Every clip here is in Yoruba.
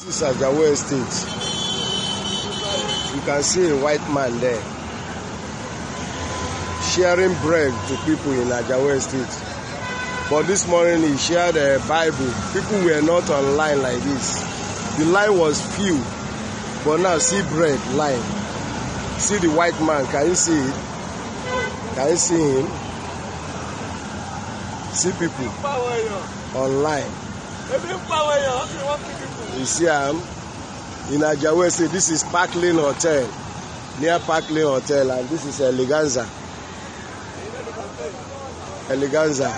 This is Ajawo Estate. You can see a white man there sharing bread to people in Ajawo Estate. But this morning he shared a Bible. People were not online like this. The line was few, but now see bread line. See the white man. Can you see it? Can you see him? See people online. You see am in Ajawe State. This is Park Lane Hotel, near Park Lane Hotel, and this is Eleganza. Eleganza.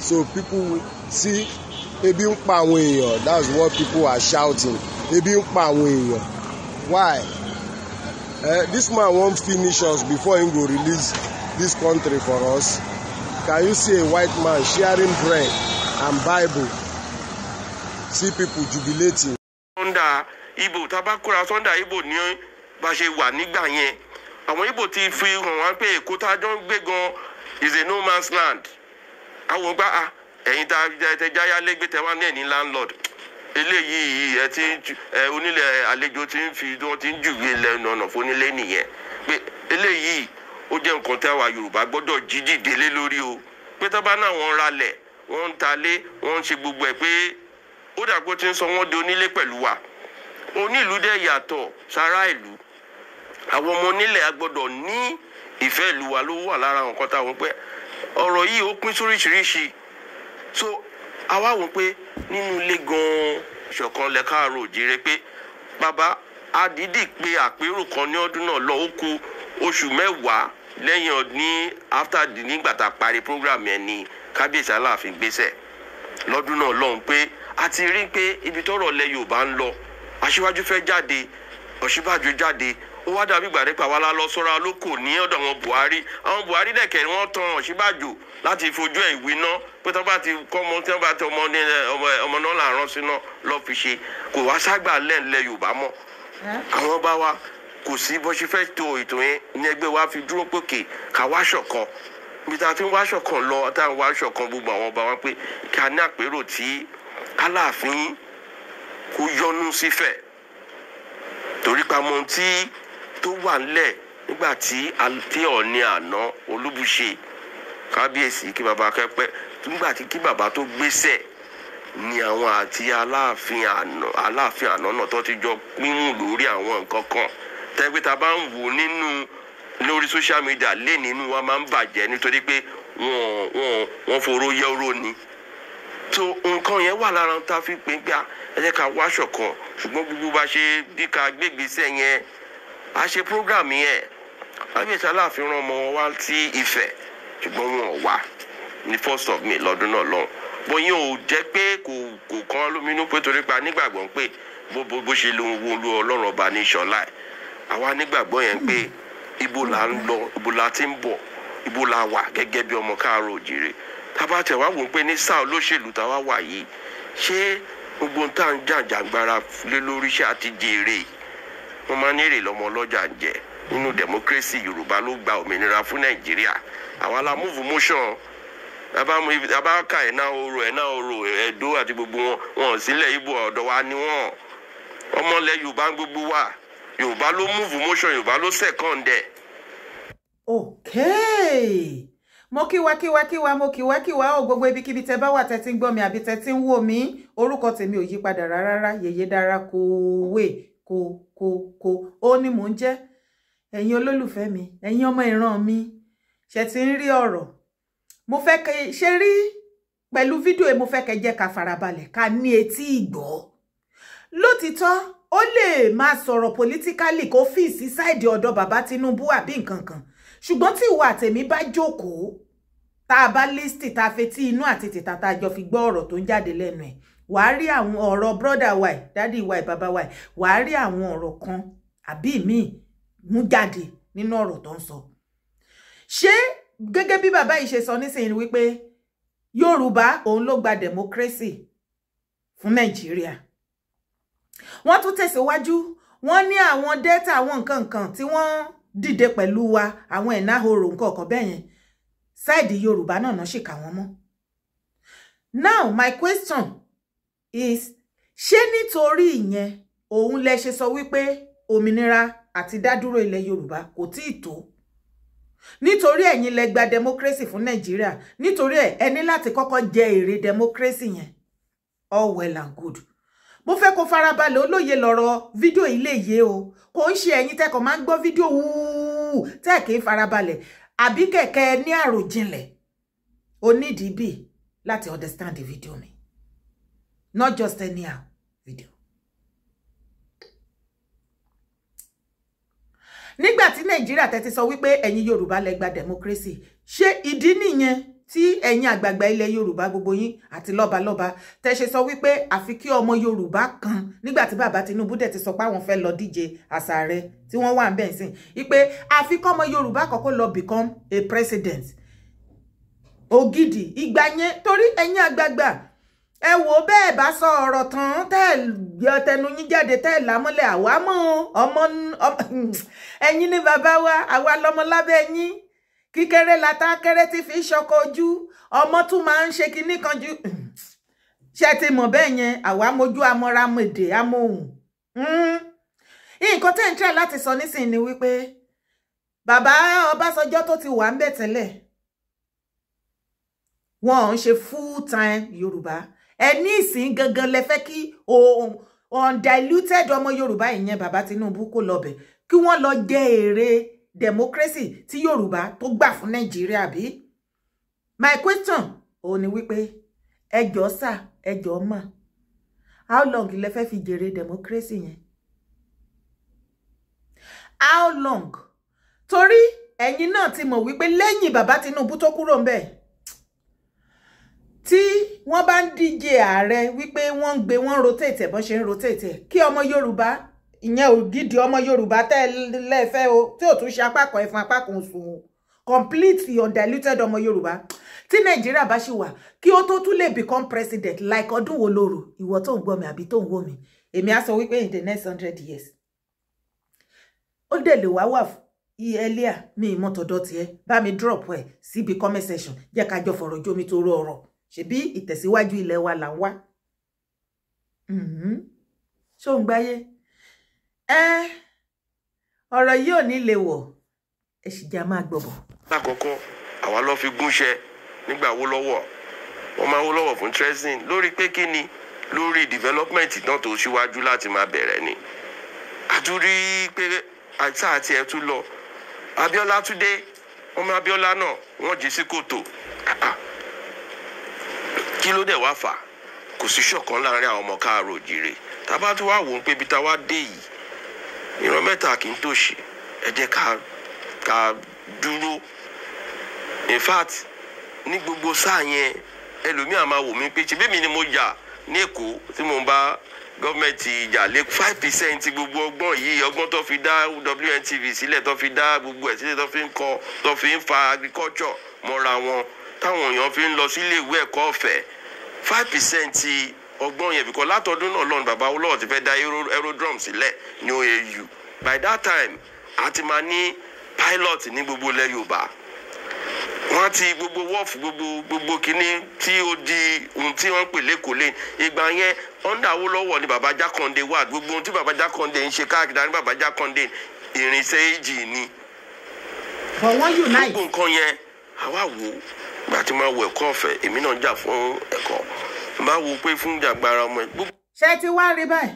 So people see ebi ń pa àwọn èèyàn that's what people are shouting ebi ń pa àwọn èèyàn why uh, this man wan finish us before him go release this country for us can you see a white man sharing bread and bible see people jubilating. Sunda, ibo tá a bá kóra sọ́ndà ibo ní bá a ṣe wà nígbà yẹn àwọn ibo ti fi hàn wá pé èkó tá a jọ ń gbé gan is a no man's land àwọn gbá a ah, ẹ̀yin tá a tẹ jáyá lẹ́gbẹ̀ẹ́ tẹ wá ní ẹ̀ní landlord eléyìí ẹ ti ẹ onílẹ̀ àlejò ti ń fi wọ́n ti ń jùwé lẹ́nu ọ̀nà fúnilé nìyẹn pé eléyìí ó jẹ́ nǹkan tí àwa Yorùbá gbọ́dọ̀ jíjì délé lórí o pé tó náà wọ́n ralẹ̀ wọ́n ń talé wọ́n ń ṣe gbogbo ẹ̀ pé ó dàgbọ́ ti ń sọ wọ́n di onílé pẹ̀lú wa onílù dẹ̀ yàtọ̀ sára ìlú àwọn ọmọ onílẹ̀ a gbọ́dọ̀ ní ìfẹ́ ìlú wa ló wà lára nǹkan táwọn pẹ́ ọ̀rọ̀ yìí ó pín sóríṣiríṣi so àwa wò pé nínú ilé gan-an ṣọ̀kan lẹ káàárọ̀ òjìrè pé bàbá àdídì pé àpérò kan ní ọdún náà lọ ó ku oṣù mẹ́wàá lẹ́yìn ọdún after nígbà tá a parí program yẹn ni kábíyèsí aláàfin gbéṣẹ́ lọ́dún náà lọ́hùn pé a ti rí pé ibi tọ́rọ̀ lẹ Yorùbá ń lọ aṣíwájú fẹ́ jáde Ọ̀ṣínbàjò jáde ó wá dàbí ìgbà nípa wàhálà lọ sọ́ra lóko ní ọ̀dọ̀ àwọn Buhari àwọn Buhari dẹ̀kẹ̀ ni wọ́n tan Ọ̀ṣínbàjò láti fojú ẹ̀ ìwé ná pé tọ́ bá ti kọ́ ọmọ tí wọ́n bá ti ọmọ ọmọ náà làárọ̀ síná lọ́ọ́ fi ṣe kò wá ságbà lẹ́ẹ̀lẹ́ Yorùbá mọ́ àwọn bá wa kò sí bó ṣe fẹ́ to ètò yẹn ní ẹgbẹ́ wa fi dúró pòkè ká wá ṣọ̀kan níbi tá a fi ń wá ṣọ̀kan lọ tá a wá ṣọ̀kan gbogbo àwọn ọba wa pé kí a ní àpérò tí kálàfin kó yọnu sífẹ̀ torí pa mọ tí tó wà ńlẹ̀ nígbà tí àti Ọọ̀ni àná Olúbùṣe kábíyèsí kí baba kẹpẹ nígbà tí kí baba tó gbéṣẹ ni àwọn àti aláàfin àná aláàfin àná náà tó ti jọ pínmù lórí àwọn nǹkan kan tẹ́gbẹ́ ta bá ń wò nínú lórí social media lé nínú wa máa ń bàjẹ́ nítorí pé wọ́n wọ́n wọ́n foró yẹ́rọ so nǹkan yẹn wà lára tá a fi pè é pé ẹ jẹ́ ká wáṣọ kan ṣùgbọ́n gbogbo bá ṣe bí ká gbégbèsè yẹn a ṣe program yẹn kábíyèsí aláàfin rán ọmọ wọn wá sí Ifẹ̀ ṣùgbọ́n wọn ò wá ní first of may lọ́dún náà lọ́hùn bóyá ò jẹ́ pé kò kò kán lóminú pé torí pa nígbàgbọ́ pé bó bó bó ṣe lóun wo olú ọlọ́run ọba ní ṣọlá ẹ̀ àwa nígbàgbọ́ yẹn pé ibo là ń lọ ibo là ti ń bọ̀ ibo là wà gẹ́gẹ́ bí ọmọ káàárọ̀ òjìrè tábà tẹ̀ wò pé ní sáà olóṣèlú táwa wà yìí ṣé gbogbo tá à ń jàǹjàǹgbara lé lórí ṣé àti jèrè wọn máa ń èrè lọmọ ọlọ́jà ń jẹ nínú democracy yorùbá ló gba òmìnira fún nàìjíríà àwa la move motion abáka ẹ̀ náà oro ẹ̀ náà oro ẹ̀dó àti gbogbo wọn wọn sílẹ̀ ibo ọ̀dọ̀ wa ni wọn ọmọlẹ̀ yorùbá gbogbo wa yorùbá ló move motion yorùbá ló second ẹ̀. okay mo kíwa kíwa kíwa mo kíwa kíwa o gbogbo ibikíbi tẹ bá wà tẹ ti ń gbọ́ mi àbí tẹ ti ń wò mí orúkọ tèmi ò yípadà rárá yèyé dára kòwé kòkòkò ó ní mò ń jẹ́ ẹ̀yin olólùfẹ́ mi ẹ̀yin ọmọ ìran mi ṣe ti ń rí ọ̀rọ̀ mo fẹ́ kẹ ṣe rí pẹ̀lú fídíò mo fẹ́ kẹ jẹ́ ká farabalẹ̀ ká ní etí ìgbọ́ lótìtọ́ ó lè máa sọ̀rọ̀ pòlítíkálì kó fìsí sáìdì ọ̀dọ̀ bàbá Tinubu àbí nǹkan kan ṣùgbọ́n tí ìwọ àtẹ̀mí bá jókòó tá a bá lísìtì tá a fetí inú àti tìta tá a jọ fi gbọ́ ọ̀rọ̀ tó ń jáde lẹ́nu ẹ̀ wàá rí àwọn ọ̀rọ̀ brọ́dà wa ẹ̀ dádì wa ẹ̀ bàbá wa ẹ̀ wàá rí àwọn ọ̀rọ̀ kan àbí míì mú jáde nínú ọ̀rọ̀ tó ń sọ. ṣé gẹ́gẹ́ bí bàbá yìí ṣe sọ nísìnyí wípé Yorùbá òun ló gba democracy fún Nàìjíríà wọ́n tún tẹ̀síwájú wọ́n ní àwọn dẹ́ta àwọn nǹkan nǹkan tí wọ́n dìde pẹ̀lú wa àwọn ìnáhoro nǹkan ọ̀kan bẹ́ẹ̀ yẹn sáìdì yorùbá náà náà ṣìkà wọn mọ́. now my question is ṣé nítorí ìyẹn òun lẹ ṣe sọ wípé òmìnira àti dádúró ilẹ̀ yorùbá kò tí ì tó nítorí ẹ̀yin lẹ gba democracy fún nàìjíríà nítorí ẹ̀ ẹ ní láti kọ́kọ́ jẹ èrè democracy yẹn all well and good mo fẹ́ kó farabalẹ̀ olóye lọ́rọ̀ fídíò ilé o kò ń ṣe ẹ̀yin tẹ́kọ̀ máa ń gbọ́ fídíò wúúú tẹ́ kì í farabalẹ̀ àbí kẹ̀kẹ́ ní àròjinlẹ̀ onídìí láti understand the video mi not just anyhow video. nígbà tí nàìjíríà tẹ́ ti sọ wípé ẹ̀yin yorùbá lẹ gba democracy ṣé ìdí nìyẹn tí ẹ̀yin àgbààgbà ilẹ̀ yorùbá gbogbo yín àti lọ́balọ́ba tẹ́ ṣe sọ wípé àfi kí ọmọ yorùbá kan nígbà tí bàbá tinubu dẹ̀ ti sọ pé àwọn fẹ́ lọ díje àṣà rẹ tí wọ́n wà ń bẹ̀ ń sìn wípé àfi kọ́ ọmọ yorùbá kọ́kọ́ lọ become a president ògidì ìgbà yẹn torí ẹ̀yin àgbààgbà ẹ wò bẹ́ẹ̀ bá sọ ọ̀rọ̀ tán tẹ́ ẹ yọ tẹnu yín jáde tẹ́ ẹ lámúlẹ̀ àwa ọmọ ẹ̀yin ni bàbá wa àwa lọ́mọ lábẹ́ yín kíkéré lata kéré tí fi ṣọkọ ojú ọmọ tún máa ń ṣe kinní kan ju ṣe ti mọ̀ bẹ́ẹ̀ yẹn àwa mojú amọ́ra mèdè amóhùn hmm. nǹkan tẹ́ ń tẹ́ láti sọ nísìnyí ni wípé bàbá Ọbásanjọ́ tó ti wà ń bẹ̀ tẹ́lẹ̀ wọn ò ń ṣe full time Yorùbá ẹ ní ìsìn gangan lẹ fẹ́ kí undiluted ọmọ Yorùbá ìyẹn bàbá Tinubu kó lọ kí wọ́n lọ jẹ èrè democracy ti Yoruba, tó gbà fún Nàìjíríà bí my question ò ní wípé ẹjọ́ sà ẹjọ́ mà how long le fe fi jèrè democracy yẹn how long torí ẹ̀yin na ti mo wípé lẹ́yìn bàbá Tinubu tó kúrò ń Ti tí wọ́n bá ń díje ààrẹ wípé wọ́n ń rotate ẹ̀ bọ́n ṣe rotate Ki kí Yoruba? ìyẹn ògidì ọmọ yorùbá tẹ́ lẹ́fẹ́ o tí ò tún ṣe apákan ẹ̀fọn apákan sùn o completely undiluted ọmọ yorùbá tí nàìjíríà bá ṣì wà kí ó tó tún lè become president like ọdún wo lóru ìwọ tó ń gbọ́ mi àbí tó ń wò mí èmi á sọ wípé in the next hundred years ó dẹ̀ lè wá wà earlier mi ìmọ̀ tọ̀dọ̀ tiẹ̀ bá mi drop ẹ̀ síbi comment section jẹ́ ká jọ fọ̀rọ̀ jómi tó rọ ọ̀rọ̀ ṣebí ìtẹ̀síwájú ilẹ̀ wa là ń wá mm-hmm. ṣó ń gbáyé ẹ ọ̀rọ̀ yìí ò ní lè wọ̀ ẹ sì já máa gbọ̀bọ̀. lákọ̀ọ́kọ́ àwa ló fi gúnṣẹ́ nígbà wó lọ́wọ́ wọ́n máa wó lọ́wọ́ fún tresin lórí pé kí ni lórí development náà tó ṣíwájú láti máa bẹ̀rẹ̀ ni àtúrí pé àti àti ẹ̀ tún lọ Abíọ́lá Túndé ọmọ Abíọ́lá náà wọ́n jí sí kòtò kí ló dẹ̀ wá fà kò sí ṣọ̀kan láàrin àwọn ọmọ káàárọ̀ òjìrè tá a bá tún wá wò ó pé ibi tá dé yìí ìran mẹ́ta kì í tòṣì ẹ jẹ́ ká ká dúró in fact ní gbogbo sáà yẹn ẹlòmíà máa wò mí pé ṣe bẹ́ẹ̀ mi ni mo jà ní èkó tí mo bá gọ́ọ̀mẹ̀ntì ìjà lé five percent gbogbo ọgbọ́n yìí ọgbọ́n tó fi dá WNTV sílẹ̀ tó fi dá gbogbo ẹ̀ sílẹ̀ tó fi ń kọ tó fi ń fa agriculture mọ́ra wọn táwọn èèyàn fi ń lọ sílé ìwé ẹ̀kọ́ ọ̀fẹ́ five percent ọgbọ́n yẹn bìkọ́ látọdún náà lọ́nà bàbá olóòtú fẹ́ da aerodrome sílẹ̀ ní OAU by that time a ti máa ní pilot ní gbogbo ilẹ̀ Yorùbá wọ́n ti gbogbo wọ́ọ̀fù gbogbo gbogbo kínní tí ó di ohun tí wọ́n ń pè lẹ́kọ̀ọ́ lé ìgbà yẹn under Awólọ́wọ̀ ni bàbá Jákàndé wà gbogbo ohun tí bàbá Jákàndé ń ṣe káàkiri ní bàbá Jákàndé irinṣẹ́ èjì ni. fọwọ́n unite. gbogbo nǹkan yẹn àwa wò gbàtí máa wọ ẹ̀kọ́ ọ̀fẹ́ èmi náà jà fún ẹ̀kọ́ bá wo pé fún jàgbára ọmọ ẹ̀. ṣé ti wá rí báyìí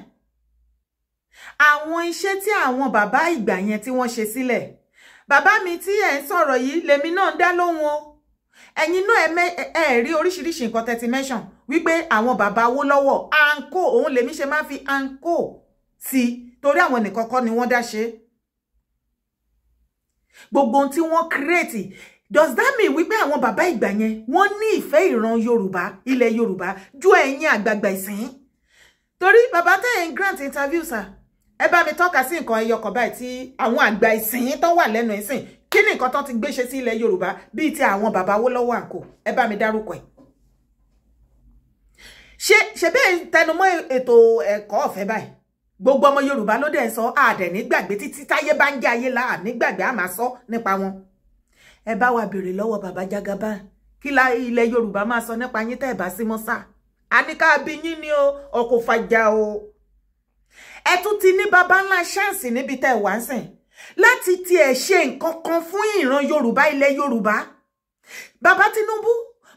àwọn iṣẹ́ tí àwọn bàbá ìgbà yẹn tí wọ́n ṣe sílẹ̀ bàbá mi tí ẹ̀ ń sọ̀rọ̀ yìí lèmi náà ń dá lóhùn o ẹ̀yin náà ẹ rí oríṣiríṣi nǹkan tẹ́ ti mention wípé àwọn bàbá owó lọ́wọ́ anko òun lèmi ṣe máa fi anko sí torí àwọn nìkan kọ́ ni wọ́n dá ṣe gbogbo ohun tí wọ́n kírètì does that mean wípé àwọn bàbá ìgbà yẹn wọ́n ní ìfẹ́ ìran yorùbá ilẹ̀ yorùbá ju ẹ̀yin àgbààgbà ìsìn torí bàbá tẹ̀yìn grant interview sir ẹ bá mi tọ́ka sí nǹkan ẹyọ kan báyìí tí àwọn àgbà ìsìn tó wà lẹ́nu ìsìn kí ni nǹkan tó ti gbé ṣe sí ilẹ̀ yorùbá bíi ti àwọn bàbá wó lọ́wọ́ àǹkò ẹ bá mi dárúkọ ẹ̀ ṣe ṣe bẹ́ẹ̀ tẹnumọ́ ètò ẹ̀kọ́ ọ̀fẹ́ báyìí gbogbo ọmọ yorùbá ló dẹ̀ sọ àdẹ̀ nígbàgbé títí táyé bá ń jẹ́ ayé láà nígbàgbé àmà sọ nípa wọn ẹ bá wa béèrè lọ́wọ́ bàbá Jagaba kí la ilẹ̀ Yorùbá máa sọ nípa yín tẹ́ ẹ̀ bá sí mọ́sá àníká bí ni o ọkọ̀ fàjà o ẹ tún ti ní baba ńlá ṣáǹsì níbi tẹ́ ẹ̀ wá ń sìn láti tiẹ̀ ṣe nǹkan kan fún ìran Yorùbá ilẹ̀ Yorùbá bàbá Tinubu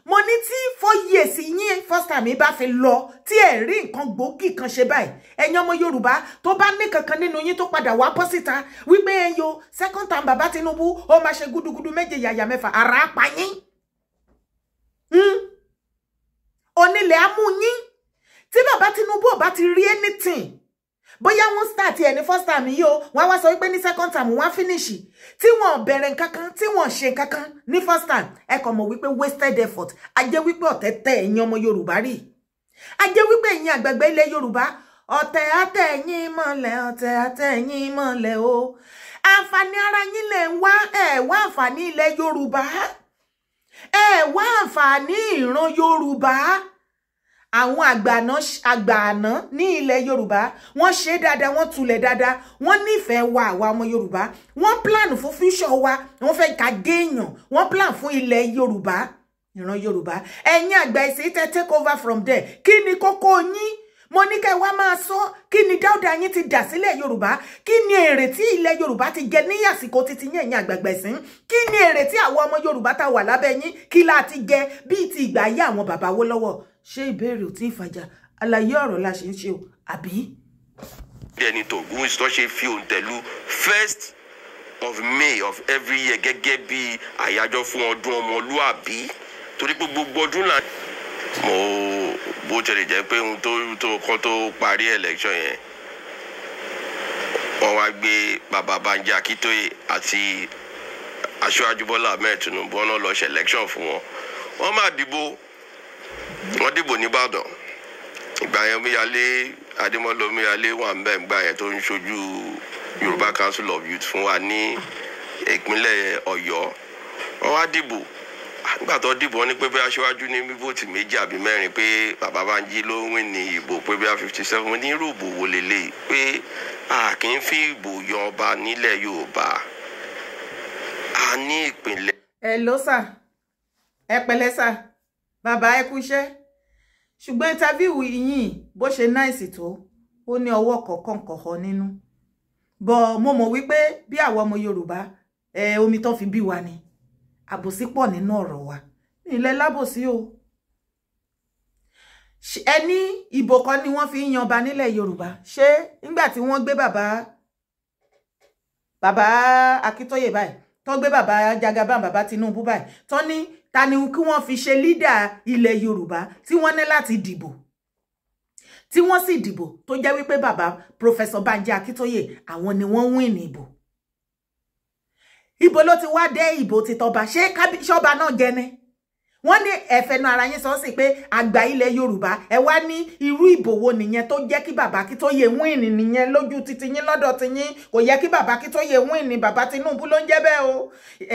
mo ní tí four years yín first time bá fi lọ tí ẹ rí nǹkan gbòógì kan ṣe báyìí ẹ̀yin ọmọ Yorùbá tó bá ní kankan nínú yín tó padà wá bọ́ síta wípé ẹ yo second time bàbá Tinubu ó máa ṣe gúdúgúdú méje yàyà mẹ́fà ara á pa yín hmm? onílẹ̀ á mú yín tí bàbá Tinubu ò bá ti rí anything bóyá wọ́n start ẹ̀ ní first time yo. o wọ́n á wá sọ second time wọ́n á finish tí wọ́n bẹ̀rẹ̀ nǹkankan tí wọ́n ṣe nǹkankan ní first time ẹ kàn mọ̀ wípé wasted effort a jẹ́ wípé ọ̀tẹ̀ tẹ̀ ẹ̀yin ọmọ Yorùbá rí a jẹ́ wípé ẹ̀yin àgbàgbẹ́ ilẹ̀ Yorùbá ọ̀tẹ̀ àtẹ̀ ẹ̀yin mọ̀lẹ̀ ọ̀tẹ̀ àtẹ̀ ẹ̀yin mọ̀lẹ̀ o àǹfààní ara yín le ń wá ẹ̀ wá àǹfààní yoruba. Yorùbá ẹ̀ wá àǹfààní yoruba. Yorùbá àwọn àgbà àná ní ilẹ̀ yorùbá wọ́n ṣe dáadáa wọ́n tulẹ̀ dáadáa wọ́n nífẹ̀ẹ́ wa àwa ọmọ yorùbá wọ́n plan fún future wa wọ́n fẹ́ ká déèyàn wọ́n plan fún ilẹ̀ yorùbá ìran yorùbá ẹ̀yin àgbà ẹ̀sìn tẹ́ take over from there kí ni kókó yín mo ní kẹ́ wá máa sọ kí ni dáúdà yín ti dà sílẹ̀ yorùbá kí ni èrè tí ilẹ̀ yorùbá ti jẹ ní àsìkò títí yẹn ẹ̀yin àgbàgbà ẹ̀sìn kí ni èrè tí àwọn ọmọ yorùbá ta wà lábẹ́ yín kí láti jẹ bíi ti ìgbà ayé àwọn bàbá wó lọ́wọ́ ṣé ìbéèrè ò tí ì fàjà àlàyé ọ̀rọ̀ la ṣe ń ṣe o àbí. ẹni tó gún ìṣọ́ ṣe fi òǹtẹ̀lú first of May of every year gẹ́gẹ́ bí àyájọ́ fún ọdún ọmọlúàbí torí pé gbogbo ọdún là. mo bó tilẹ̀ jẹ́ pé ohun tó tó kọ́ tó parí election yẹn wọ́n wá gbé bàbá Banji Akíntóyè àti aṣáájú Bọ́lá Ahmed Tinubu ọ̀nà lọ́ọ́ ṣe election fún wọn wọ́n máa dìbò wọ́n dìbò nìbàdàn ìgbà yẹn omíyalé adémọ́lá omíyalé wà ń bẹ̀ ìgbà yẹn tó ń ṣojú yorùbá council of youth fún wa ní ìpínlẹ̀ ọ̀yọ́ wọ́n wá dìbò nígbà tó dìbò wọ́n ní pé bí aṣíwájú ní vóòtì méjì àbí mẹ́rin pé bàbá Bánjí ló ń ní ìbò pé bí a fifty seven ní irú ìbò wo lélẹ̀ pé a kì í fi ìbò yan ọba nílẹ̀ yorùbá a ní ìpínlẹ̀. ẹ ló sà ẹ pẹ̀lẹ́ sà bàbá ẹ kúṣẹ́ ṣùgbọ́n ìtàbíwù yìnyín bó ṣe náìsì tó ó ní ọwọ́ kọ̀ọ̀kan kọ̀ọ̀kan nínú bọ̀ mo mọ̀ wípé bí àwọn ọmọ Yorùbá ẹ omi tán fi bí wa ni àbòsí pọ̀ nínú ọ̀rọ̀ wa ilẹ̀ lábòsí o ẹni ìbò kan ni wọ́n fi ń yanba nílẹ̀ Yorùbá ṣé nígbà tí wọ́n gbé bàbá bàbá Akíntóyè báyìí tó gbé bàbá Jagaban bàbá Tinubu báyìí tó ní ta ni kí wọ́n fi ṣe lídà ilẹ̀ Yorùbá tí wọ́n ní láti dìbò tí wọ́n sì dìbò tó jẹ́ wípé bàbá Professor Banji Akíntóyè àwọn ni wọ́n win ní ìbò ibo ló ti wá dé ìbò títọba ṣé ṣọba náà jẹ wọ́n ní ẹ̀fẹ̀nu ara yín sọ sí pé àgbà ilẹ̀ yorùbá ẹ wá ní irú ìbò wo nìyẹn tó jẹ́ kí bàbá kí tó yẹ wíìn nìyẹn lójú titi yín lọ́dọ̀ ti yín kò yẹ kí bàbá kí tó yẹ wíìn ní bàbá tinubu ló ń jẹ́ bẹ́ẹ̀ o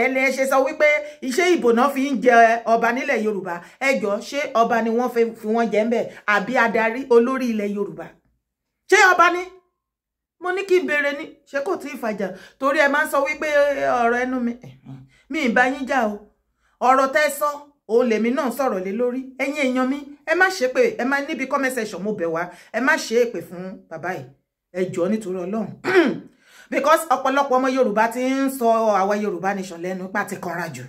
ẹ ṣe sọ wípé iṣẹ́ ìbò fi ń jẹ ọba nílẹ̀ yorùbá ẹ jọ ṣé ọba ni wọ́n fi wọ́n jẹ́ ń bẹ̀ àbí adarí olórí ilẹ̀ yorùbá ṣé ọba ni mo ní kí n béèrè ni ṣé kò tí ì fàjà torí ẹ máa ń sọ wípé ọ̀rọ̀ ẹnu mi mi ì bá yín jà o ọ̀rọ̀ tẹ́ sọ òun lèmi náà sọ̀rọ̀ lé lórí ẹ̀yin èèyàn mi ẹ má ṣe pé ẹ má níbi comment section mo bẹ̀ wá ẹ má ṣe é pè fún bàbá yìí ẹ jọ̀ọ́ nítorí ọlọ́run because ọ̀pọ̀lọpọ̀ ọmọ yorùbá ti ń sọ àwa yorùbá nation lẹ́nu pa ti kanra jù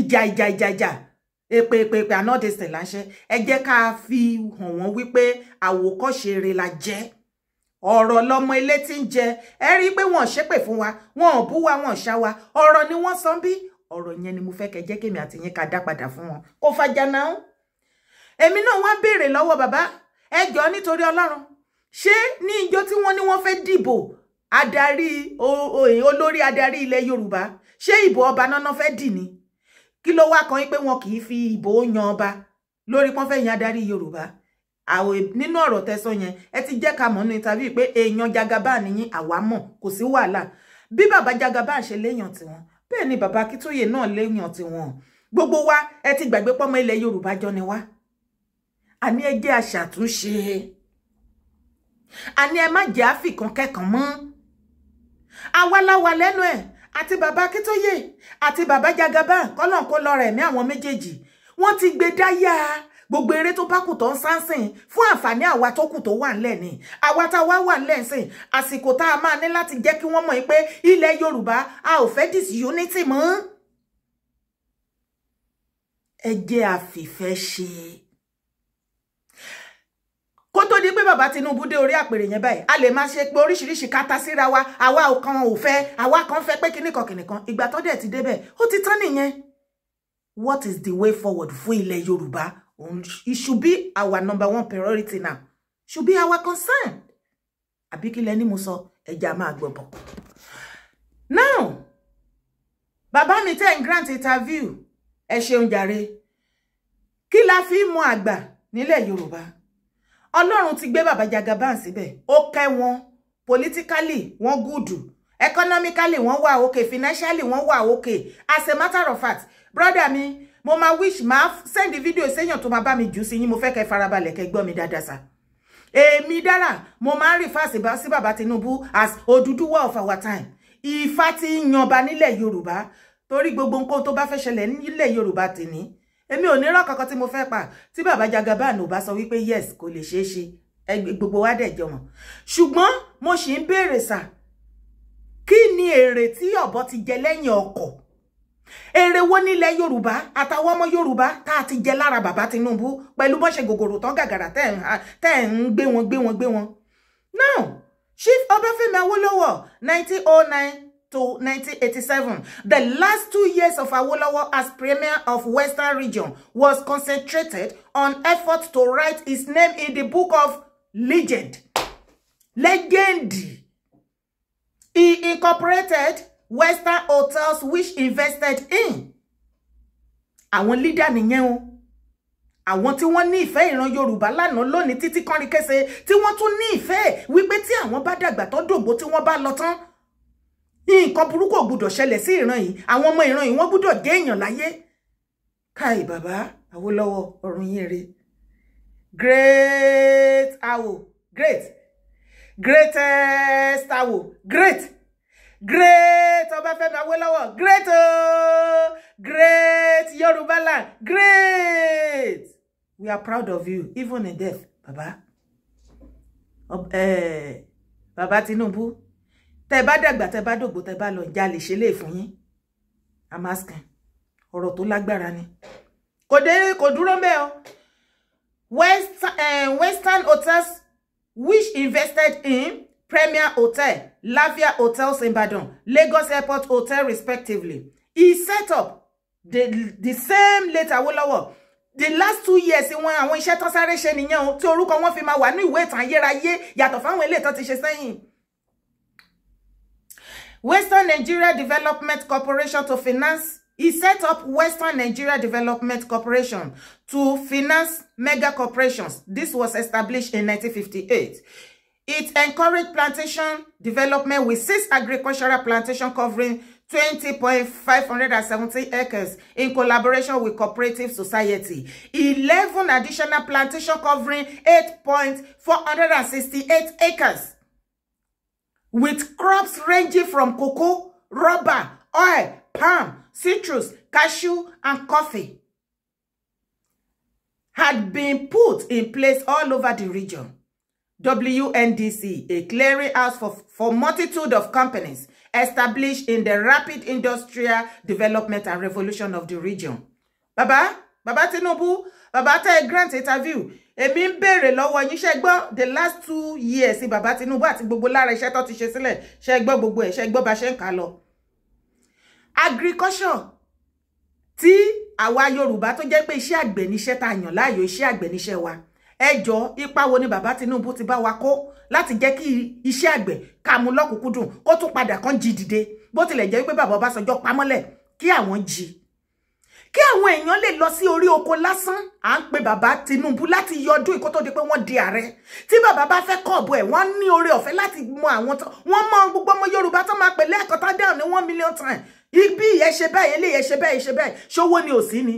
ìjà ìjà ìjà ìjà èpè èpè èpè àná dẹsẹ̀ láṣẹ ẹ jẹ́ ká fi hàn wọ́n wípé àwòkọ́ṣe rẹ̀ la jẹ́ ọ̀rọ̀ lọmọ ilé tí ń jẹ ẹ rí i pé wọ́n ṣépè fún wa wọ́n ò bú wa wọ́n ṣá wa ọ̀rọ̀ ni wọ́n sọ bí ọ̀rọ̀ yẹn ni mo fẹ́ kẹ́ jẹ́ kémi àti yín ká dá padà fún wọn kò fàjà náà èmi náà wá béèrè lọ́wọ́ bàbá ẹ jọ̀ọ́ nítorí Ọlọ́run ṣé ní ìjọ tí wọ́n ní wọ́n fẹ́ dìbò adarí olórí adarí ilẹ̀ Yorùbá ṣé ìbò ọba náà fẹ́ dì ní kí ló wá kan pé wọn kì í fi ìbò yan ọba lórí pọ́n fẹ́ yan adarí Yorùbá àwọ̀ nínú ọ̀rọ̀ tẹ́sán yẹn ẹ ti jẹ́ ká mọ̀ nínú interview pé èèyàn Jagaban nìyí àwa mọ̀ kò sí wàhálà bí bàbá Jagaban ṣe léèyàn tiwọn bẹ́ẹ̀ ni bàbá akíntóyè náà léèyàn tiwọn gbogbo wa ẹ ti gbàgbé pọ́mọ ilẹ̀ yorùbá jọ ni wá àní ẹ jẹ́ aṣàtúnṣe àní ẹ má jẹ́ àfikàn kẹ́kàn mọ́ awáláwa lẹ́nu ẹ̀ àti bàbá akíntóyè àti bàbá jagaba kọ́lọ́n kó lọ́ọ́ rẹ̀ ní àwọn méjèèjì wọ́n ti gbé dáyà gbogbo eré tó bá kù tó ń sánsìn fún àǹfààní àwa tó kù tó wà ńlẹ̀ ni àwa tá a wá wà ńlẹ̀ sìn àsìkò tá a máa ní láti jẹ́ kí wọ́n mọ̀ pé ilẹ̀ Yorùbá a ò fẹ́ disunity mọ́ ẹ jẹ́ àfìfẹ́ ṣe kó tó di pé bàbá Tinubu dé orí àpèrè yẹn báyìí a lè máa ṣe pé oríṣiríṣi kata síra wa àwa kan ò fẹ́ àwa kan fẹ́ pé kíníkan kíníkan ìgbà tó dẹ̀ ti débẹ̀ ó ti tán nìyẹn what is the way forward fún ilẹ̀ Yorùbá It should be our number one priority now. Should be our concern. Abiki kí lẹni mo sọ ẹja máa gbọ̀bọ̀. Now, Baba mi ten grant interview ẹ ṣeun jàre. Kí la fi mọ àgbà nílẹ̀ Yorùbá? Ọlọ́run ti gbé bàbá Jagaban síbẹ̀. Ó kẹ́ wọn politically wọ́n good economically wọ́n wa okay financially wọ́n wa okay as a matter of fact brother mi mo máa wish máa send video séyàn tó máa bá mi jù sí yín mo fẹ́ kẹ́ farabalẹ̀ kẹ́ gbọ́ mi dáadáa sà èmi dára mo máa ń refer sí bàbá Tinubu as Odùduwà of our time Ifá ti ń yanba nílẹ̀ Yorùbá torí gbogbo nǹkan tó bá fẹ́ ṣẹlẹ̀ nile Yorùbá ti ní èmi ò ní rọ́ kankan tí mo fẹ́ pa tí bàbá Jagaban ò bá sọ wípé yes kò lè ṣeé ṣe gbogbo wa dẹ̀ jọmọ̀ ṣùgbọ́n mo sì ń béèrè sà kí ni èrè tí ti jẹ lẹ́yìn ọkọ̀ èrè wo nílẹ̀ Yoruba, atawo mo Yoruba, ta a ti jẹ lára bàbá tinubu pẹ̀lú bọ́ṣe gògòrò tán gàgàrà tẹ́ ẹ̀ ń gbé won. gbé wọn gbé wọn. now chief Obafemi Awolowo, nineteen oh nine to 1987. The last two years of Awolowo as Premier of Western Region was concentrated on efforts to write his name in the book of legend. Legend. He incorporated Western hotels which invested in àwọn leader nìyẹn o àwọn tí wọ́n ní ìfẹ́ ìran Yorùbá lánàá lónìí títí kọrin kése tí wọ́n tún ní ìfẹ́ wípé tí àwọn bá dàgbà tó dògbò tí wọ́n bá lọ tán nǹkan burúkú ò gbúdọ̀ ṣẹlẹ̀ sí ìran yìí àwọn ọmọ ìran yìí wọ́n gbúdọ̀ dé èèyàn láyé káì bàbá Awólọ́wọ̀ ọ̀run yín re great awo great greatest awo great great Ọbáfẹ́mi Awólọ́wọ̀ great ooo oh, great land. great we are proud of you even in death baba eh, baba Tinubu tẹ bá dàgbà tẹ bá dògbò tẹ bá lọ jalè ṣe lè fún yín i'm asking ọ̀rọ̀ tó lágbára ni kò dé kò dúró mẹ o west uh, western hotels which invested in premier hotel Lavia Hotels in Badon, Lagos Airport Hotel respectively. He set up the, the same late Awolowo. The last two years wọn àwọn iṣẹ́ tán sáré ṣe nìyẹn o tí orúkọ wọn fi máa wà ní ìwé ìtàn ayérayé yàtọ̀ fáwọn eléyìí tán ti ṣe sẹ́yìn. Western Nigeria Development Corporation to finance He set up Western Nigeria Development Corporation to finance mega corporations. This was established in 1958. It encouraged plantation development with six agricultural plantations covering 20.570 acres in collaboration with cooperative society. 11 additional plantation covering 8.468 acres with crops ranging from cocoa, rubber, oil, palm, citrus, cashew, and coffee had been put in place all over the region. WNDC, a clearinghouse for, for multitude of companies established in the rapid industrial development and revolution of the region. Baba, Baba Tinubu, Baba tẹ́ ẹ grant interview. E ń béèrè lọ́wọ́ wa ṣe gbọ́ the last two years sí Baba Tinubu àti gbogbo lára iṣẹ́ tó ti ṣe sílẹ̀ ṣe gbọ́ gbogbo ẹ̀ ṣe gbọ́ bá ṣe ń kà lọ. Agriculture tí àwa Yorùbá tó jẹ́ pé iṣẹ́ àgbẹ̀ níṣẹ́ tá a yàn láàyò iṣẹ́ wa ẹjọ́ ipa wo ni bàbá Tinubu ti bá wa kó láti jẹ́ kí iṣẹ́ àgbẹ̀ ká mú lọ́kùnkúndùn kó tún padà kan jí dìde bó tilẹ̀ jẹ́ wípé bàbá Ọbásanjọ́ pamọ́lẹ̀ kí àwọn jí kí àwọn èèyàn lè lọ sí orí oko lásán à ń pe bàbá Tinubu láti yọdún ìkó tó di pé wọ́n di ààrẹ tí bàbá bá fẹ́ kọ̀ọ̀bù ẹ̀ wọ́n ní oore ọ̀fẹ́ láti mọ àwọn tán wọ́n mọ gbogbo ọmọ Yorùbá tó máa pè lẹ́ẹ̀kan tá dáhùn ní one million time ibi ìyẹn ṣe báyìí eléyẹ ṣe báyìí ṣe báyìí ṣówó ni ò sí ni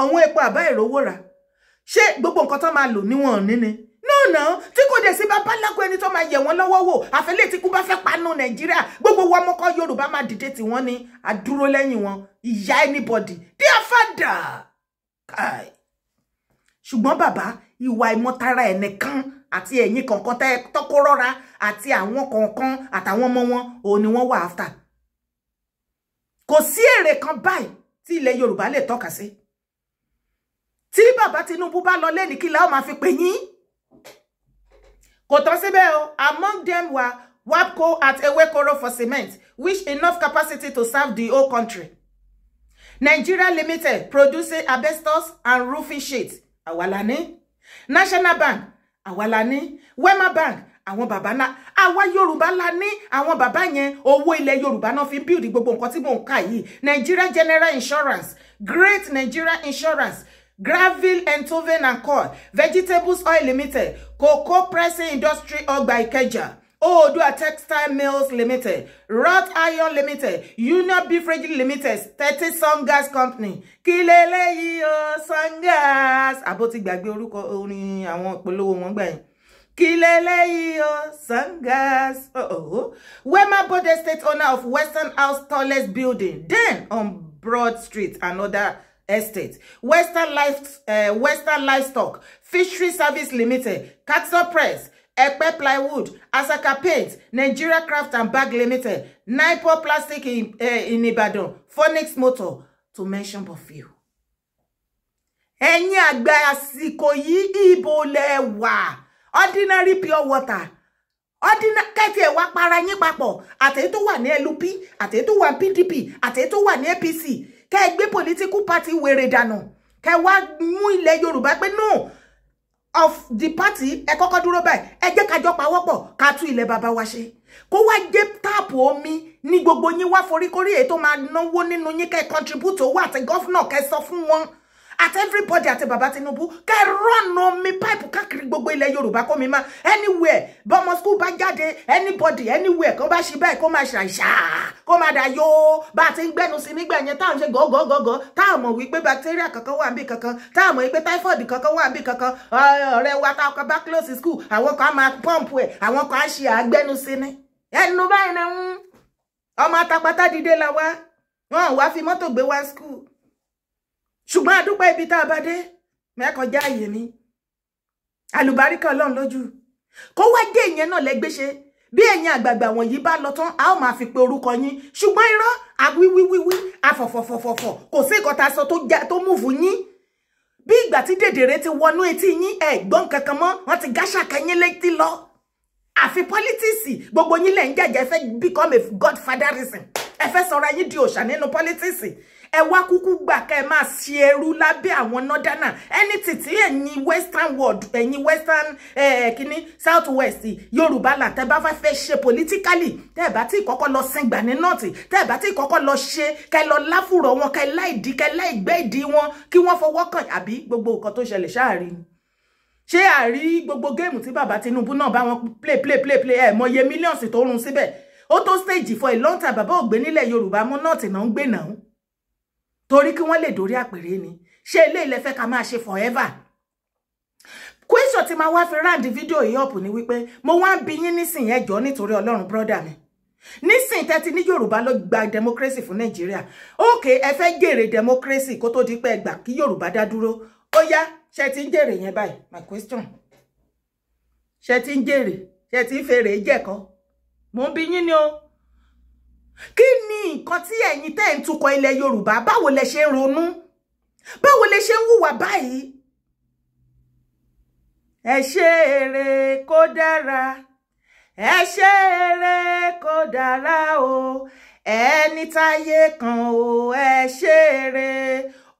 ọ̀hún epo àbá ìrówó rà ṣé gbogbo nǹkan tó máa lò níwọ̀n ní ni nọ́ọ̀nà tí kò dẹ̀ sí bàbá lágbo ẹni tó máa yẹ̀ wọ́n lọ́wọ́ wò àfẹ́lẹ́ tí kú bá fẹ́ panú nàìjíríà gbogbo wọn mọ́kọ́ yorùbá máa dìde tí wọ́n ní àdúró lẹ́yìn wọn ìyá anybody dear father kai ṣùgbọ́n bàbá ìwà ìmọ̀tara ẹnìkan àti ẹ̀yìn kọ̀ọ̀kan tọ́kọ rọ́ra àti àwọn kọ̀ọ̀kan àtàwọn ọmọ wọn òun ni wọ́n wà after kò sí èrè kan báyìí tí ilẹ̀ yorùbá lè tọ́ka sí tí bàbá Tinubu bá lọ lẹ́ni kí la máa fi pè yín kò tán síbẹ̀ o among them were WAPCO at Ewekoro for cement which enough capacity to serve the whole country Nigeria Limited producing asbestos and roofing sheets awalani National Bank awalani Wema Bank àwọn bàbá náà àwa yorùbá la ní àwọn bàbá yẹn owó ilẹ̀ yorùbá náà fi build gbogbo nǹkan tí mò ń kà yìí nigeria general insurance great nigeria insurance Graville Entoven and Co. Vegetables Oil Limited. Cocoa Pressing Industry Ọgbà Ìkẹjà. Oòduà Textile Mills Limited, Wrought Iron Limited, Union Beverage Limited, Thirty Sun Gas Company. Kí leléyìí o Sun Gas? Àbó ti gbàgbé orúkọ orin àwọn ìpolówó wọn gbà yẹn. Sun Gas? Uh-oh. Wema Bode State owner of Western House tallest building, then on Broad Street, another Estate, Western, Life, uh, Western Livestock, Fishery Service Limited, Cattle Press, Epe Plywood, Asaka Paint, Nigeria Craft and Bag Limited, Nipo Plastic in, uh, in Ibadan, Phoenix Motor, to mention but few. Ẹ̀yin àgbà àsìkò yìí ibo lẹ wà, ordinary pure water, ordinary Kete ẹ̀ wá para yín papọ̀, àtẹ̀yẹ́ tó wà ní LP, àtẹ̀yẹ́ tó wà PDP, àtẹ̀yẹ́ tó wà ní APC kẹ́ ẹ gbé political party wèrè dànù kẹ́ ẹ wá mú ilẹ̀ Yorùbá pé no of the party ẹ kọ́kọ́ dúró báyìí ẹ jẹ́ ká jọ pawọ́pọ̀ ká tún ilẹ̀ bàbá wa ṣe kó wá jẹ́ táàpù omi ní gbogbo yín wá foríkorí èyí tó máa náwó nínú yín kẹ́ contribute owó àti gọ́fúnà kẹ́ sọ fún wọn at everybody àti baba Tinubu kẹ́ run omi pipe káàkiri gbogbo ilẹ̀ Yorùbá kó mi má anywhere bọ́mọ school bá jáde anybody anywhere kó bá ṣe bẹ́ẹ̀ kó máa ṣàṣà kó yo dà yó bá a ti ń gbẹ́nu sí go yẹn táwọn ṣe gọ́gọ́gọ́gọ́ táwọn mọ̀ wípé bacteria kankan wà níbì kankan táwọn mọ̀ wípé typhoid kankan wà níbì kankan ọ̀rẹ́ wa táwọn kan bá close school àwọn kan á máa pump ẹ̀ àwọn kan á ṣe àgbẹ́nu sí ni ẹnu báyìí náà hmm, ọmọ atapata dìde la wá wọn wá fi mọ́tò gbé wá school ṣùgbọ́n àdúpẹ́ ibi tá a bá dé mẹ́kànjá àyè ni àlùbáríkà ọlọ́run lójú kó wá dé ìyẹn náà lẹ́gbẹ́ ṣe bí ẹ̀yin àgbààgbà wọ̀nyí bá lọ tán a ó máa fi pe orúkọ yín ṣùgbọ́n irọ́ àwíwíwíwí àfọ̀fọ̀fọ̀fọ̀fọ̀ kò sí nǹkan tá a sọ tó múùfù yín bí ìgbà tí dèdèrè ti wọnú etí yín ẹ̀ gbọ́n kankan mọ́ wọ́n ti gáṣà kẹyìn létí lọ àfi pọ́lítíìsì gbogbo yín lẹ̀ ń fẹ́ become a godfatherism ẹ fẹ́ sọra yín di òòṣà nínú pọ́lítíìsì ẹ wá kúkú gbà ká ẹ máa ṣe ẹrú lábẹ́ àwọn nọ́dánà titi tìtì ẹ̀yin western world ẹ̀yin western kínní south west Yoruba là te ba fẹ́ fẹ́ ṣe politically te ba ti tí lo lọ sìngbà ní nọ́ọ̀tì tẹ́ ẹ bá tí kọ́kọ́ lọ ṣe kẹ́ lọ láfùrọ̀ wọn kẹ́ láìdí kẹ́ won ìdí wọn kí wọ́n fọwọ́ kàn àbí gbogbo nǹkan tó ṣẹlẹ̀ ṣáàrin ṣé àrí gbogbo géèmù tí bàbá Tinubu náà bá wọn play play play play ẹ mọye mílíọ̀nsì tó run síbẹ̀ ó tó stage for a long time bàbá ògbé nílẹ̀ Yorùbá mọ́ náà na náà ń torí kí wọ́n lè dórí àpèrè ni ṣé ilé ilẹ̀ fẹ́ ká máa ṣe forever question tí máa wá fi round fídíò yìí ọ̀pù ni wípé mo wá ń bi yín nísìnyí ẹjọ́ nítorí ọlọ́run brọ́dà mi nísìnyí tẹ́tí ní yorùbá ló gba democracy fún nàìjíríà okay ẹ fẹ́ jèrè democracy kó tó di pé ẹ gbà kí yorùbá dá dúró ó yá ṣe ti ń jèrè yẹn báyìí my question ṣe ti ń jèrè ṣe ti ń fèrè jẹ̀kọ́ mo ń bi yín ni o kí ni nǹkan tí ẹ̀yin tẹ́ ń tukọ̀ ilẹ̀ Yorùbá báwo lẹ ṣe ń ronú báwo lẹ ṣe ń hùwà báyìí ẹ ṣe èrè kó dára ẹ ṣe èrè kó dára o ẹni táyé kan o ẹ ṣe èrè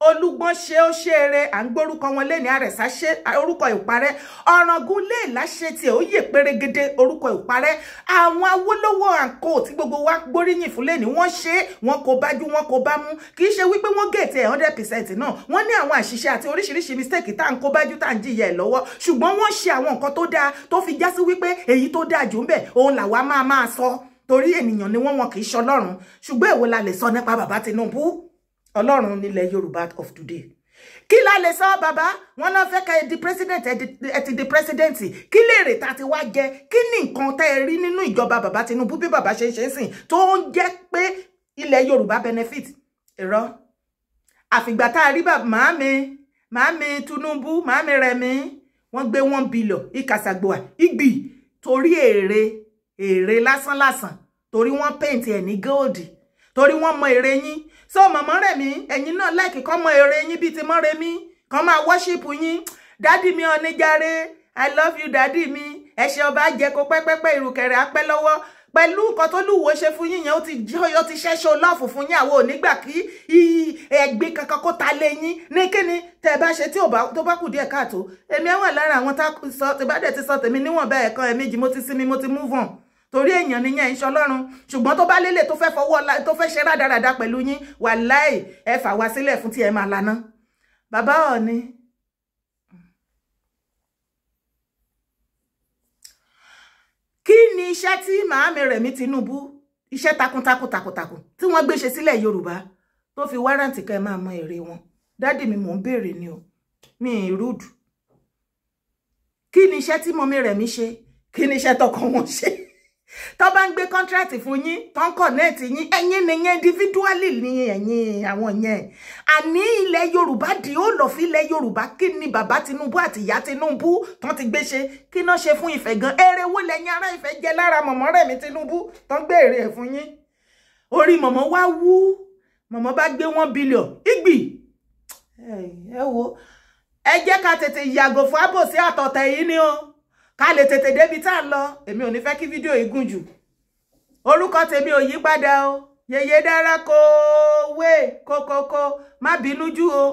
olúgbọ́n ṣe ó ṣe eré à ń gbórúkọ wọn lé ní àrẹ̀sà ṣe orúkọ ìparẹ́ ọ̀ràngún lè láṣẹ tiẹ̀ ó yè pérégede orúkọ ìparẹ́ àwọn awólówó àǹkó tí gbogbo wa gbóríyìn fún lé ní wọ́n ṣe wọn kò bá jú wọn kò bá mú kì í ṣe wípé wọ́n gèètì ẹ̀ hundred percent náà wọ́n ní àwọn àṣìṣe àti oríṣiríṣi mistake tá à ń kó bájú tá à ń jìyà ẹ̀ lọ́wọ́ ṣùgbọ́n wọ́n ṣe àwọn nǹkan tó dáa tó fi já sí wípé èyí tó dáa jù ń bẹ̀ òun làwa máa máa sọ torí ènìyàn ni wọ́n wọn kì í ṣọlọ́run ṣùgbọ́n èwo la lè sọ nípa bàbá Tinubu ọlọ́run nílẹ̀ yorùbá of today kí la lè sọ bàbá wọn náà fẹ́ ka di president ẹ ti di president kí léèrè tá a ti wá jẹ kí ni nǹkan tẹ́ ẹ rí nínú ìjọba bàbá Tinubu bí bàbá ṣe ń ṣe ń sìn tó ń jẹ́ pé ilẹ̀ yorùbá benefit irọ́ àfìgbà tá a rí bàbá màámi màámi Tinubu màámi Rẹ̀mí wọ́n gbé one billion ìkàsàgbòà ìgbì torí èrè èrè lásánlásán torí wọ́n paint ẹ̀ ní góòdì torí wọ́n mọ èrè yín so Mama rẹ̀ mi ẹ̀yin náà like kọ́ mọ eré yín bíi ti mọ́re mi kọ́ máa wọ́ṣípù yín Daddy mi ọ̀nìjàre i love you Daddy mi ẹ̀ṣẹ̀ ọba jẹ́ko pẹ́pẹ́pẹ́ ìrùkẹ̀rẹ̀ apẹ́ lọ́wọ́ pẹ̀lú nǹkan tó lúwo ṣe fún yín yẹn ó ti jọyọ ti ṣẹ́ṣẹ́ ọlọ́ọ̀fù fún yín àwọn onígbà kí iyì ẹ̀gbin kankan kó ta lé yín ní kíni tẹ́ ẹ bá ṣe tí tó bá kù díẹ̀ káàtó èmi ẹ̀ wà wa àwọn tá a sọ tẹ́ bá dẹ̀ ti sọ tèmi níwọ̀nba ẹ̀kan ẹ̀mejì mo ti sinmi mo ti move on torí èèyàn nìyẹn ìṣọ́ ọlọ́run ṣùgbọ́n tó bá lélẹ̀ tó fẹ́ fọwọ́ tó fẹ́ ṣe rádaràda pẹ̀lú yín wàláì ẹ fà wá sílẹ̀ fún tí ẹ máa lana bàbá Ọọ̀ni kí ni iṣẹ́ tí màámi Rẹ̀mí Tinubu iṣẹ́ takuntakun takuntakun tí wọ́n gbé ṣe sílẹ̀ Yorùbá tó fi wáràǹtì kẹ́ máa mọ èrè wọn dádì mi mò ń béèrè ni o mi ì rúdù kí ni iṣẹ́ tí mọ́mí Rẹ̀mí ṣe kí ni iṣẹ́ tọkọ wọn ṣe tó bá ń gbé contract fún yín tó ń connect yín ẹ̀yin nìyẹn individually ni ẹ̀yin àwọn yẹn àní ilẹ̀ yorùbá di ó lọ fi ilẹ̀ yorùbá kí ni bàbá tinubu àti ìyá tinubu tó ti gbé ṣe kí náà ṣe fún ìfẹ́ gan eré wo lẹ́yìn ará ìfẹ́ jẹ lára mọ̀mọ́ rẹ̀ mi tinubu tó ń gbé èrè ẹ̀ fún yín orí mọ̀mọ́ wá wú mọ̀mọ́ bá gbé one billion igbì ẹ wo ẹ jẹ́ ká tètè yàgò fún àbòsí àtọ̀tẹ̀ yìí ni o ká lè tètè débi tá a lọ èmi ò ní fẹ́ kí fídíò yìí gùn jù orúkọ tèmi ò yí padà o yèyé dára kó wé kókókó má bínú jù o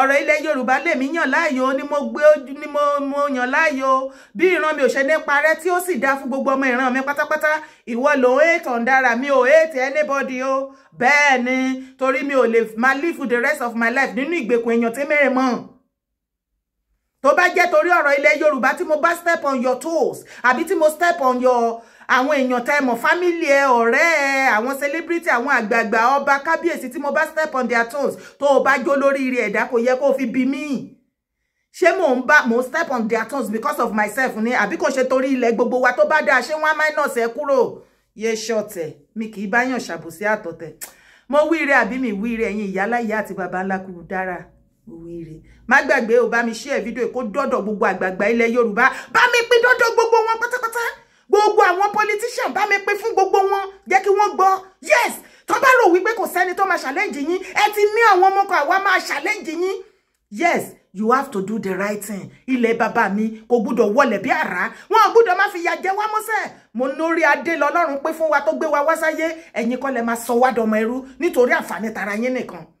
ọ̀rọ̀ ilẹ̀ yorùbá lèmi yàn láàyò ni mo gbé ni mo mo yàn láàyò bí ìran mi ò ṣe ní parẹ́ tí ó sì dáa fún gbogbo ọmọ ìran mi pátápátá ìwọ ló ń ètò ọ̀ndára mi ò ètè anybody o bẹ́ẹ̀ ni torí mi ò lè máa live the rest of my life nínú ìgbèkùn èèyàn tí mẹ́rin mọ́. To bá jẹ́ torí ọ̀rọ̀ ilẹ̀ Yorùbá tí mo ba step on your toes àbí tí mo step on your àwọn èèyàn tẹ́ mọ̀ fámílì ẹ ọ̀rẹ́ ẹ àwọn celebrity àwọn àgbààgbà ọba kábíyèsí ti mo ba step on their toes To o bá jó lórí ire ẹ̀dá kò yẹ kó fi bí mí ṣé mò ń bá mò step on their toes because of myself ni àbí kò ṣe torí ilẹ̀ gbogbo wa tó bá dáa ṣé wọ́n á minus ẹ kúrò yé ṣọ̀tẹ̀ mi kì í bá yàn ṣàbòsí àtọ̀tẹ̀ mo wíire àbí mi wíire ẹ̀yin ìyá láyé àti bàbá ńlá kúrú dára wíire má gbàgbé o bá mi share video kó dọ́dọ̀ gbogbo àgbààgbà ilẹ̀ Yorùbá bá mi pín dọ́dọ̀ gbogbo wọn pátápátá gbogbo àwọn politician ba mi pín fun gbogbo wọn jẹ́ kí wọ́n gbọ́ yes tó bá rò wípé kò sẹ́ni tó máa challenge yín ẹ ti ní àwọn ọmọ kan àwa challenge yín yes you have to do the right thing ile bàbá mi kò gbúdọ̀ wọlẹ̀ bí àrá wọn gbúdọ̀ má fi ya jẹ wá mọ́sẹ̀ mo lórí adé lọ́lọ́run pé fun wa tó gbé wa wá sáyé ẹ̀yin kọ́ lẹ máa sọ wá dọmọ ẹrú nítorí àǹfààní tara yín nìkan